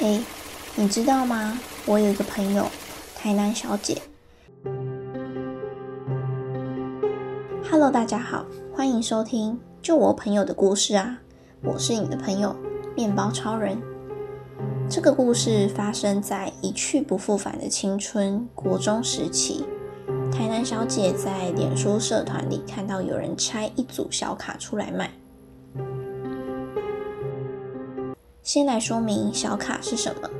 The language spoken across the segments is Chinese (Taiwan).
哎，你知道嗎？我有一個朋友，台南小姐。Hello，大家好，歡迎收聽《就我朋友的故事》啊，我是你的朋友，麵包超人。這個故事發生在一去不復返的青春國中時期。台南小姐在臉書社團裡看到有人拆一組小卡出來賣。先來說明小卡是什麼，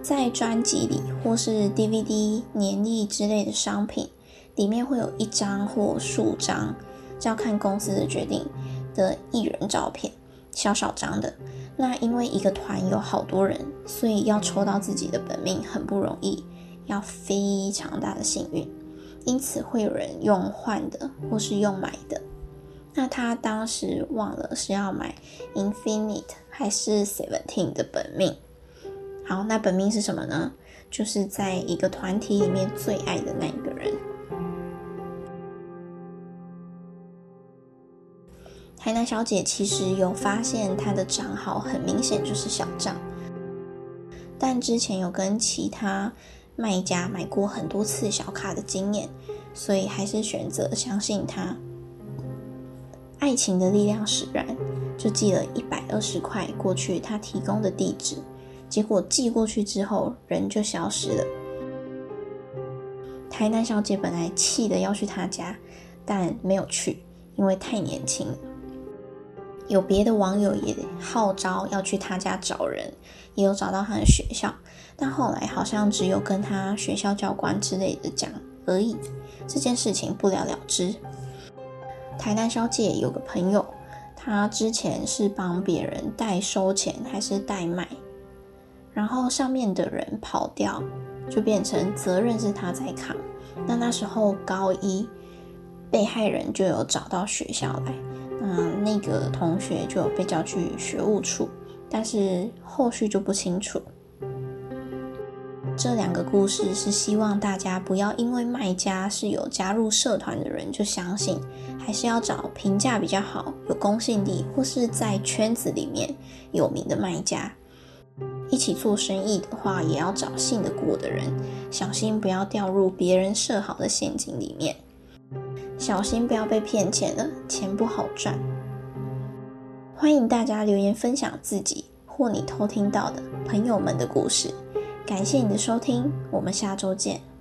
在專輯裡或是 DVD、年曆之類的商品裡面會有一張或數張，就要看公司的決定的藝人照片，小小張的。那因為一個團有好多人，所以要抽到自己的本命很不容易，要非常大的幸運。因此會有人用換的或是用買的。那他當時忘了是要買 Infinite 還是 Seventeen 的本命。好，那本命是什麼呢？就是在一個團體裡面最愛的那一個人。台南小姐其實有發現他的賬號很明顯就是小賬，但之前有跟其他賣家買過很多次小卡的經驗，所以還是選擇相信他。愛情的力量使然，就寄了一百二十塊過去他提供的地址，結果寄過去之後人就消失了。台南小姐本來氣得要去他家，但沒有去，因為太年輕。有別的網友也號召要去他家找人，也有找到他的學校，但後來好像只有跟他學校教官之類的講而已，這件事情不了了之。台南小姐有個朋友，他之前是幫別人代收錢還是代賣，然後上面的人跑掉，就變成責任是他在扛。那那時候高一，被害人就有找到學校來，那那個同學就有被叫去學務處，但是後續就不清楚。這兩個故事是希望大家不要因為賣家是有加入社團的人就相信，還是要找評價比較好、有公信力或是在圈子裡面有名的賣家。一起做生意的話，也要找信得過的人，小心不要掉入別人設好的陷阱裡面，小心不要被騙錢了。錢不好賺。歡迎大家留言分享自己或你偷聽到的朋友們的故事。感謝你的收聽，我們下周見。